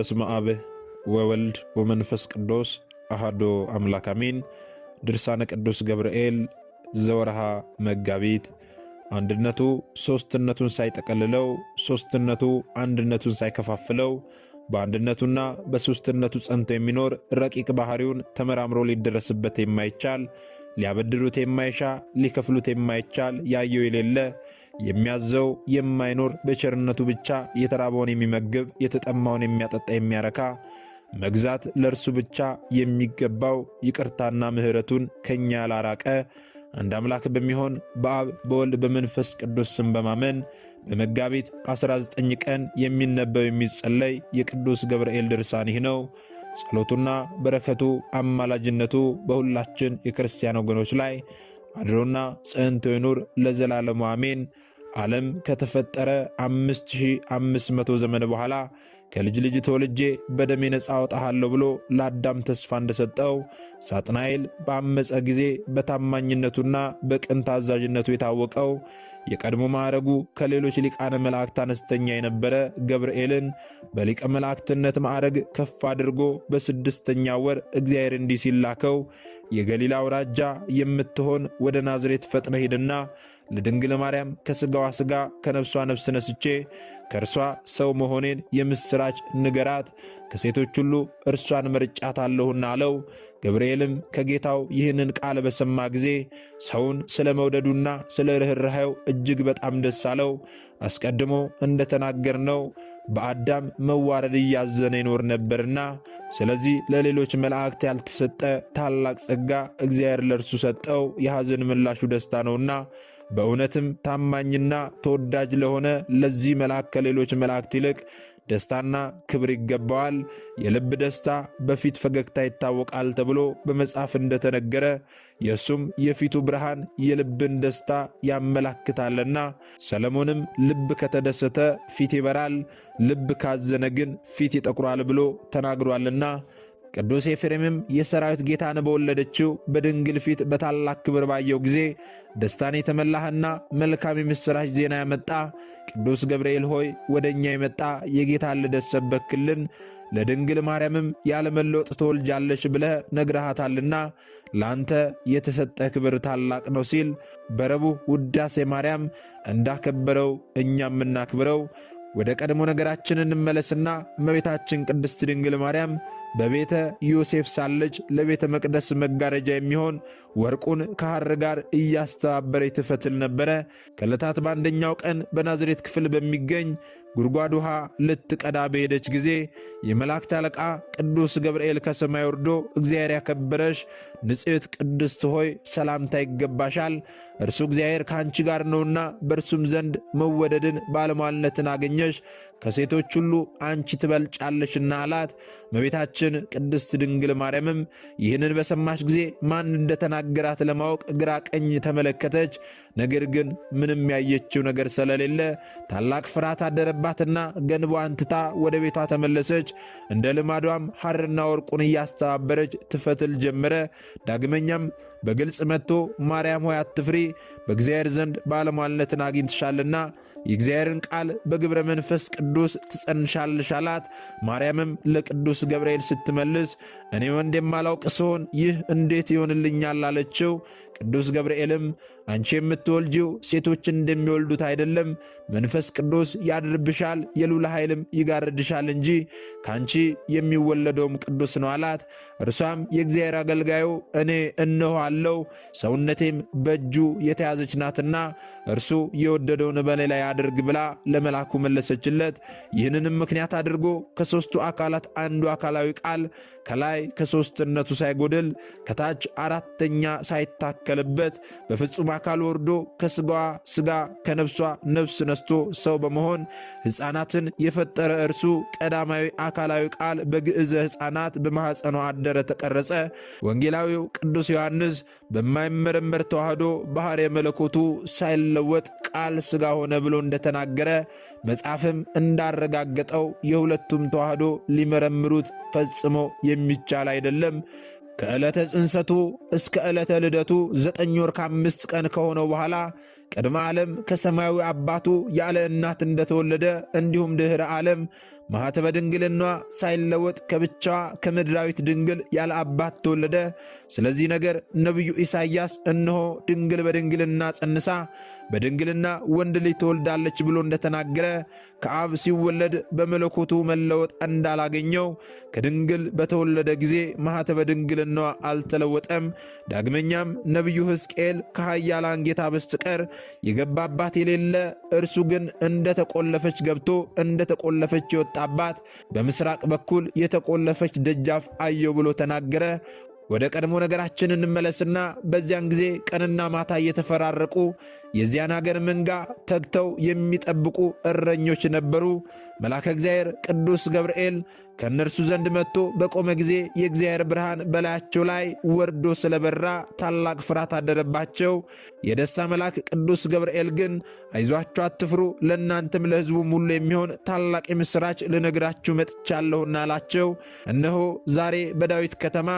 በስመ አብ ወወልድ ወመንፈስ ቅዱስ አሃዶ አምላክ አሜን። ድርሳነ ቅዱስ ገብርኤል ዘወርሃ መጋቢት። አንድነቱ ሦስትነቱን ሳይጠቀልለው፣ ሦስትነቱ አንድነቱን ሳይከፋፍለው፣ በአንድነቱና በሦስትነቱ ጸንቶ የሚኖር ረቂቅ ባሕሪውን ተመራምሮ ሊደረስበት የማይቻል ሊያበድሩት የማይሻ ሊከፍሉት የማይቻል ያየው የሌለ የሚያዘው የማይኖር በቸርነቱ ብቻ የተራበውን የሚመግብ የተጠማውን የሚያጠጣ የሚያረካ መግዛት ለእርሱ ብቻ የሚገባው ይቅርታና ምሕረቱን ከእኛ ላራቀ አንድ አምላክ በሚሆን በአብ በወልድ በመንፈስ ቅዱስ ስም በማመን በመጋቢት 19 ቀን የሚነበብ የሚጸለይ የቅዱስ ገብርኤል ድርሳን ይህ ነው። ጸሎቱና በረከቱ አማላጅነቱ በሁላችን የክርስቲያን ወገኖች ላይ አድሮና ጸንቶ ይኑር ለዘላለሙ አሜን። ዓለም ከተፈጠረ 5500 ዘመን በኋላ ከልጅ ልጅ ተወልጄ በደሜ ነፃ አወጣሃለሁ ብሎ ለአዳም ተስፋ እንደሰጠው ሳጥናኤል በአመፀ ጊዜ በታማኝነቱና በቅን ታዛዥነቱ የታወቀው የቀድሞ ማዕረጉ ከሌሎች ሊቃነ መላእክት አነስተኛ የነበረ ገብርኤልን በሊቀ መላእክትነት ማዕረግ ከፍ አድርጎ በስድስተኛ ወር እግዚአብሔር እንዲህ ሲላከው የገሊላ አውራጃ የምትሆን ወደ ናዝሬት ፈጥነ ሂድና ለድንግል ማርያም ከሥጋዋ ሥጋ ከነፍሷ ነፍስ ነስቼ ከእርሷ ሰው መሆኔን የምሥራች ንገራት፣ ከሴቶች ሁሉ እርሷን መርጫታለሁና አለው። ገብርኤልም ከጌታው ይህንን ቃል በሰማ ጊዜ ሰውን ስለ መውደዱና ስለ ርኅራኄው እጅግ በጣም ደስ አለው። አስቀድሞ እንደ ተናገርነው በአዳም መዋረድ እያዘነ ይኖር ነበርና፣ ስለዚህ ለሌሎች መላእክት ያልተሰጠ ታላቅ ጸጋ እግዚአብሔር ለእርሱ ሰጠው። የሐዘን ምላሹ ደስታ ነውና በእውነትም ታማኝና ተወዳጅ ለሆነ ለዚህ መልአክ ከሌሎች መላእክት ይልቅ ደስታና ክብር ይገባዋል። የልብ ደስታ በፊት ፈገግታ ይታወቃል ተብሎ በመጽሐፍ እንደተነገረ የእሱም የፊቱ ብርሃን የልብን ደስታ ያመላክታልና ሰለሞንም ልብ ከተደሰተ ፊት ይበራል፣ ልብ ካዘነ ግን ፊት ይጠቁራል ብሎ ተናግሯልና ቅዱስ ኤፍሬምም የሰራዊት ጌታን በወለደችው በድንግል ፊት በታላቅ ክብር ባየው ጊዜ ደስታን የተመላህና መልካም የምሥራች ዜና ያመጣ ቅዱስ ገብርኤል ሆይ ወደ እኛ የመጣ የጌታን ልደት ሰበክልን፣ ለድንግል ማርያምም ያለመለወጥ ትወልጃለሽ ብለህ ነግረሃታልና ለአንተ የተሰጠ ክብር ታላቅ ነው ሲል በረቡዕ ውዳሴ ማርያም እንዳከበረው እኛም እናክብረው። ወደ ቀድሞ ነገራችን እንመለስና እመቤታችን ቅድስት ድንግል ማርያም በቤተ ዮሴፍ ሳለች ለቤተ መቅደስ መጋረጃ የሚሆን ወርቁን ከሐር ጋር እያስተባበረ ትፈትል ነበረ። ከዕለታት በአንደኛው ቀን በናዝሬት ክፍል በሚገኝ ጉድጓድ ውሃ ልትቀዳ በሄደች ጊዜ የመላእክት አለቃ ቅዱስ ገብርኤል ከሰማይ ወርዶ እግዚአብሔር ያከበረሽ ንጽሕት ቅድስት ሆይ ሰላምታ ይገባሻል፣ እርሱ እግዚአብሔር ከአንቺ ጋር ነውና በእርሱም ዘንድ መወደድን ባለሟልነትን አገኘሽ፣ ከሴቶች ሁሉ አንቺ ትበልጫለሽና አላት። እመቤታችን ቅድስት ድንግል ማርያምም ይህንን በሰማች ጊዜ ማን እንደተናገራት ለማወቅ ግራ ቀኝ ተመለከተች። ነገር ግን ምንም ያየችው ነገር ስለሌለ ታላቅ ፍርሃት አደረበ። አገባትና ገንቧን ትታ ወደ ቤቷ ተመለሰች። እንደ ልማዷም ሐርና ወርቁን እያስተባበረች ትፈትል ጀመረ። ዳግመኛም በግልጽ መጥቶ ማርያም ሆይ አትፍሪ፣ በእግዚአብሔር ዘንድ ባለሟልነትን አግኝትሻልና የእግዚአብሔርን ቃል በግብረ መንፈስ ቅዱስ ትጸንሻለሽ አላት። ማርያምም ለቅዱስ ገብርኤል ስትመልስ እኔ ወንድ የማላውቅ ስሆን ይህ እንዴት ይሆንልኛል? አለችው። ቅዱስ ገብርኤልም አንቺ የምትወልጂው ሴቶች እንደሚወልዱት አይደለም፣ መንፈስ ቅዱስ ያድርብሻል፣ የልዑል ኃይልም ይጋርድሻል እንጂ ከአንቺ የሚወለደውም ቅዱስ ነው አላት። እርሷም የእግዚአብሔር አገልጋዩ እኔ እነሆ አለው፣ ሰውነቴም በእጁ የተያዘች ናትና እርሱ የወደደውን በእኔ ላይ አድርግ ብላ ለመልአኩ መለሰችለት። ይህንንም ምክንያት አድርጎ ከሦስቱ አካላት አንዱ አካላዊ ቃል ከላይ ከሦስትነቱ ሳይጎድል ከታች አራተኛ ሳይታከልበት በፍጹም አካል ወርዶ ከስጋዋ ስጋ ከነፍሷ ነፍስ ነስቶ ሰው በመሆን ሕፃናትን የፈጠረ እርሱ ቀዳማዊ አካላዊ ቃል በግዕዘ ሕፃናት በማኅፀኗ አደረ ተቀረጸ። ወንጌላዊው ቅዱስ ዮሐንስ በማይመረመር ተዋህዶ ባሕርየ መለኮቱ ሳይለወጥ ቃል ስጋ ሆነ ብሎ እንደተናገረ መጽሐፍም እንዳረጋገጠው የሁለቱም ተዋህዶ ሊመረምሩት ፈጽሞ የሚቻል አይደለም። ከዕለተ ጽንሰቱ እስከ ዕለተ ልደቱ ዘጠኝ ወር ከአምስት ቀን ከሆነ በኋላ ቅድመ ዓለም ከሰማያዊ አባቱ ያለ እናት እንደተወለደ እንዲሁም ድኅረ ዓለም ማኅተበ ድንግልና ሳይለወጥ ከብቻዋ ከምድራዊት ድንግል ያለ አባት ተወለደ። ስለዚህ ነገር ነቢዩ ኢሳይያስ እነሆ ድንግል በድንግልና ጸንሳ በድንግልና ወንድ ልጅ ትወልዳለች ብሎ እንደተናገረ ከአብ ሲወለድ በመለኮቱ መለወጥ እንዳላገኘው ከድንግል በተወለደ ጊዜ ማኅተበ ድንግልናዋ አልተለወጠም። ዳግመኛም ነቢዩ ሕዝቅኤል ከኃያላን ጌታ በስተቀር የገባባት የሌለ እርሱ ግን እንደተቆለፈች ገብቶ እንደተቆለፈች ይወጣል ሲመጣባት በምስራቅ በኩል የተቆለፈች ደጃፍ አየው ብሎ ተናገረ። ወደ ቀድሞ ነገራችን እንመለስና በዚያን ጊዜ ቀንና ማታ እየተፈራረቁ የዚያን አገር መንጋ ተግተው የሚጠብቁ እረኞች ነበሩ። መልአከ እግዚአብሔር ቅዱስ ገብርኤል ከእነርሱ ዘንድ መጥቶ በቆመ ጊዜ የእግዚአብሔር ብርሃን በላያቸው ላይ ወርዶ ስለበራ ታላቅ ፍርሃት አደረባቸው። የደስታ መልአክ ቅዱስ ገብርኤል ግን አይዟችሁ አትፍሩ፣ ለእናንተም ለሕዝቡም ሁሉ የሚሆን ታላቅ የምሥራች ልነግራችሁ መጥቻለሁና አላቸው። እነሆ ዛሬ በዳዊት ከተማ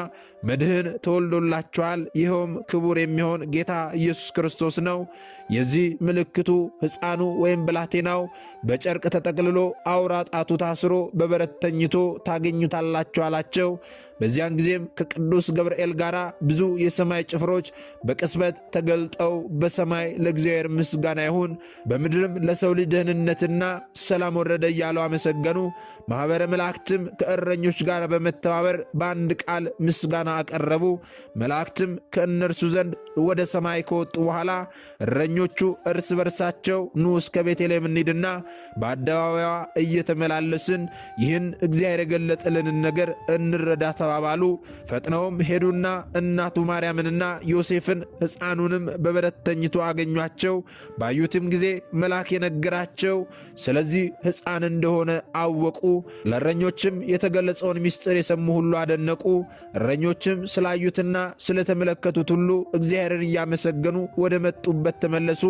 መድህን ተወልዶላችኋል፣ ይኸውም ክቡር የሚሆን ጌታ ኢየሱስ ክርስቶስ ነው። የዚህ ምልክቱ ሕፃኑ ወይም ብላቴናው በጨርቅ ተጠቅልሎ አውራ ጣቱ ታስሮ በበረት ተኝቶ ታገኙታላችሁ አላቸው። በዚያን ጊዜም ከቅዱስ ገብርኤል ጋር ብዙ የሰማይ ጭፍሮች በቅስበት ተገልጠው በሰማይ ለእግዚአብሔር ምስጋና ይሁን፣ በምድርም ለሰው ልጅ ደህንነትና ሰላም ወረደ እያሉ አመሰገኑ። ማኅበረ መላእክትም ከእረኞች ጋር በመተባበር በአንድ ቃል ምስጋና አቀረቡ። መላእክትም ከእነርሱ ዘንድ ወደ ሰማይ ከወጡ በኋላ እረኞቹ እርስ በርሳቸው ኑ እስከ ቤተልሔም እንሂድና በአደባባዋ እየተመላለስን ይህን እግዚአብሔር የገለጠልንን ነገር እንረዳ ተባባሉ። ፈጥነውም ሄዱና እናቱ ማርያምንና ዮሴፍን ሕፃኑንም በበረት ተኝቶ አገኟቸው። ባዩትም ጊዜ መልአክ የነገራቸው ስለዚህ ሕፃን እንደሆነ አወቁ። ለእረኞችም የተገለጸውን ምስጢር የሰሙ ሁሉ አደነቁ። እረኞችም ስላዩትና ስለተመለከቱት ሁሉ እግዚአብሔር እግዚአብሔርን እያመሰገኑ ወደ መጡበት ተመለሱ።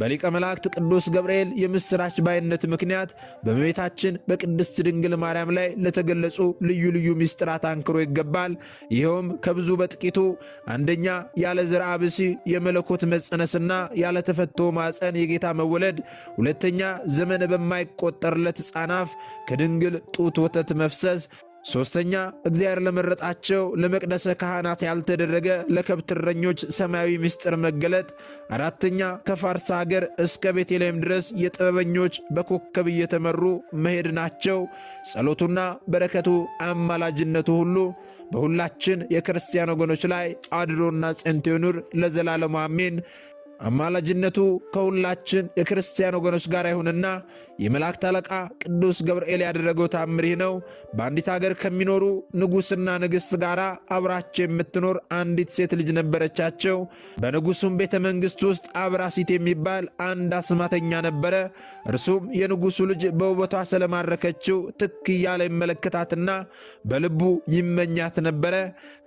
በሊቀ መላእክት ቅዱስ ገብርኤል የምሥራች ባይነት ምክንያት በእመቤታችን በቅድስት ድንግል ማርያም ላይ ለተገለጹ ልዩ ልዩ ምስጢራት አንክሮ ይገባል። ይኸውም ከብዙ በጥቂቱ አንደኛ፣ ያለ ዘርአ ብእሲ የመለኮት መጸነስና ያለ ተፈቶ ማፀን የጌታ መወለድ፣ ሁለተኛ፣ ዘመን በማይቆጠርለት ሕፃናፍ ከድንግል ጡት ወተት መፍሰስ ሦስተኛ እግዚአብሔር ለመረጣቸው ለመቅደሰ ካህናት ያልተደረገ ለከብት እረኞች ሰማያዊ ምስጢር መገለጥ። አራተኛ ከፋርስ አገር እስከ ቤተልሔም ድረስ የጥበበኞች በኮከብ እየተመሩ መሄድ ናቸው። ጸሎቱና በረከቱ አማላጅነቱ ሁሉ በሁላችን የክርስቲያን ወገኖች ላይ አድሮና ጸንቶ ይኑር ለዘላለሙ አሜን። አማላጅነቱ ከሁላችን የክርስቲያን ወገኖች ጋር ይሁንና የመላእክት አለቃ ቅዱስ ገብርኤል ያደረገው ታምር ይህ ነው። በአንዲት አገር ከሚኖሩ ንጉሥና ንግሥት ጋር አብራቸው የምትኖር አንዲት ሴት ልጅ ነበረቻቸው። በንጉሡም ቤተ መንግሥት ውስጥ አብራሲት የሚባል አንድ አስማተኛ ነበረ። እርሱም የንጉሱ ልጅ በውበቷ ስለማረከችው ትክ እያለ ይመለከታትና በልቡ ይመኛት ነበረ።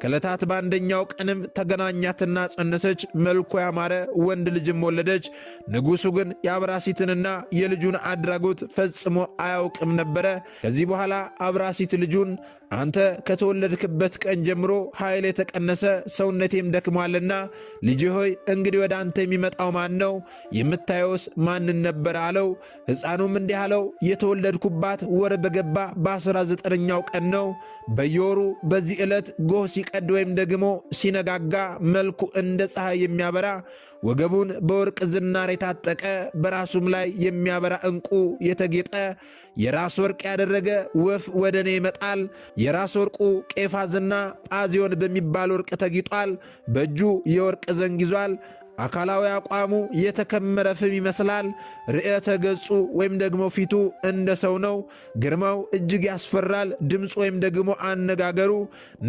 ከዕለታት በአንደኛው ቀንም ተገናኛትና ጸነሰች። መልኮ ያማረ ወንድ ልጅም ወለደች። ንጉሡ ግን የአብራሲትንና የልጁን አድራጎት ፈጽሞ አያውቅም ነበረ። ከዚህ በኋላ አብራሲት ልጁን አንተ ከተወለድክበት ቀን ጀምሮ ኃይል የተቀነሰ ሰውነቴም ደክሟልና ልጅ ሆይ እንግዲህ ወደ አንተ የሚመጣው ማን ነው? የምታየውስ ማንን ነበር አለው። ሕፃኑም እንዲህ አለው፣ የተወለድኩባት ወር በገባ በአስራ ዘጠነኛው ቀን ነው። በየወሩ በዚህ ዕለት ጎህ ሲቀድ ወይም ደግሞ ሲነጋጋ መልኩ እንደ ፀሐይ የሚያበራ ወገቡን በወርቅ ዝናር የታጠቀ በራሱም ላይ የሚያበራ ዕንቁ የተጌጠ የራስ ወርቅ ያደረገ ወፍ ወደ እኔ ይመጣል የራስ ወርቁ ቄፋዝና ጳዚዮን በሚባል ወርቅ ተጊጧል። በእጁ የወርቅ ዘንግ ይዟል። አካላዊ አቋሙ የተከመረ ፍም ይመስላል። ርዕተ ገጹ ወይም ደግሞ ፊቱ እንደ ሰው ነው። ግርማው እጅግ ያስፈራል። ድምፅ ወይም ደግሞ አነጋገሩ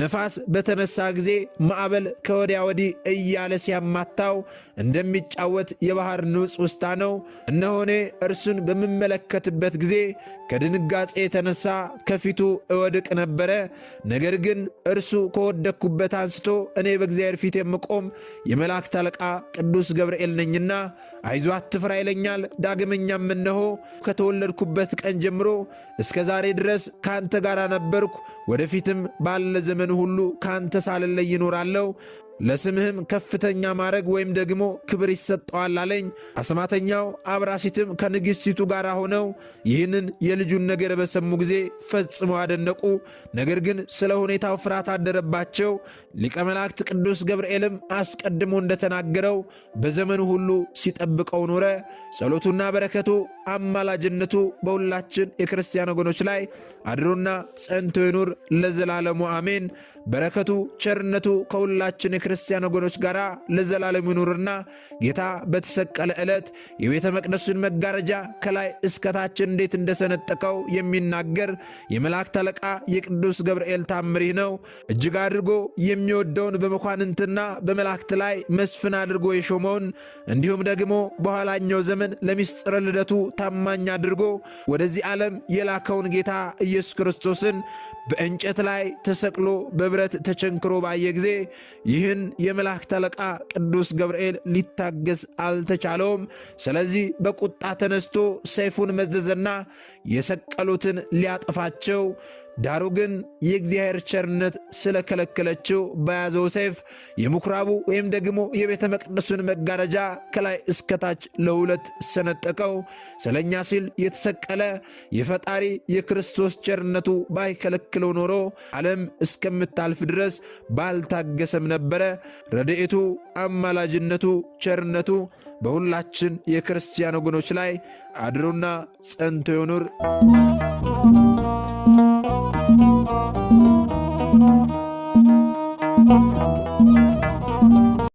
ነፋስ በተነሳ ጊዜ ማዕበል ከወዲያ ወዲህ እያለ ሲያማታው እንደሚጫወት የባህር ንውጽ ውስታ ነው። እነሆ እኔ እርሱን በምመለከትበት ጊዜ ከድንጋጼ የተነሳ ከፊቱ እወድቅ ነበረ። ነገር ግን እርሱ ከወደግኩበት አንስቶ እኔ በእግዚአብሔር ፊት የምቆም የመላእክት አለቃ ቅዱስ ገብርኤል ነኝና አይዞ አትፍራ ይለኛል። ዳግመኛም እነሆ ከተወለድኩበት ቀን ጀምሮ እስከ ዛሬ ድረስ ከአንተ ጋር ነበርኩ፣ ወደፊትም ባለ ዘመን ሁሉ ከአንተ ሳልለይ ይኖራለሁ ለስምህም ከፍተኛ ማዕረግ ወይም ደግሞ ክብር ይሰጠዋል አለኝ። አስማተኛው አብራሲትም ከንግሥቲቱ ጋር ሆነው ይህንን የልጁን ነገር በሰሙ ጊዜ ፈጽመው አደነቁ። ነገር ግን ስለ ሁኔታው ፍርሃት አደረባቸው። ሊቀ መላእክት ቅዱስ ገብርኤልም አስቀድሞ እንደተናገረው በዘመኑ ሁሉ ሲጠብቀው ኖረ። ጸሎቱና በረከቱ አማላጅነቱ በሁላችን የክርስቲያን ወገኖች ላይ አድሮና ጸንቶ ይኑር ለዘላለሙ አሜን። በረከቱ ቸርነቱ ከሁላችን ክርስቲያን ወገኖች ጋር ለዘላለም ይኑርና ጌታ በተሰቀለ ዕለት የቤተ መቅደሱን መጋረጃ ከላይ እስከታችን እንዴት እንደሰነጠቀው የሚናገር የመላእክት አለቃ የቅዱስ ገብርኤል ታምሪህ ነው። እጅግ አድርጎ የሚወደውን በመኳንንትና በመላእክት ላይ መስፍን አድርጎ የሾመውን እንዲሁም ደግሞ በኋላኛው ዘመን ለምስጢረ ልደቱ ታማኝ አድርጎ ወደዚህ ዓለም የላከውን ጌታ ኢየሱስ ክርስቶስን በእንጨት ላይ ተሰቅሎ በብረት ተቸንክሮ ባየ ጊዜ ይህን ግን የመላእክት አለቃ ቅዱስ ገብርኤል ሊታገስ አልተቻለውም። ስለዚህ በቁጣ ተነስቶ ሰይፉን መዘዘና የሰቀሉትን ሊያጠፋቸው ዳሩ ግን የእግዚአብሔር ቸርነት ስለከለከለችው በያዘው ሰይፍ የምኩራቡ ወይም ደግሞ የቤተ መቅደሱን መጋረጃ ከላይ እስከታች ለሁለት ሰነጠቀው። ስለኛ ሲል የተሰቀለ የፈጣሪ የክርስቶስ ቸርነቱ ባይከለክለው ኖሮ ዓለም እስከምታልፍ ድረስ ባልታገሰም ነበረ። ረድኤቱ፣ አማላጅነቱ፣ ቸርነቱ በሁላችን የክርስቲያን ወገኖች ላይ አድሮና ጸንቶ ይኑር።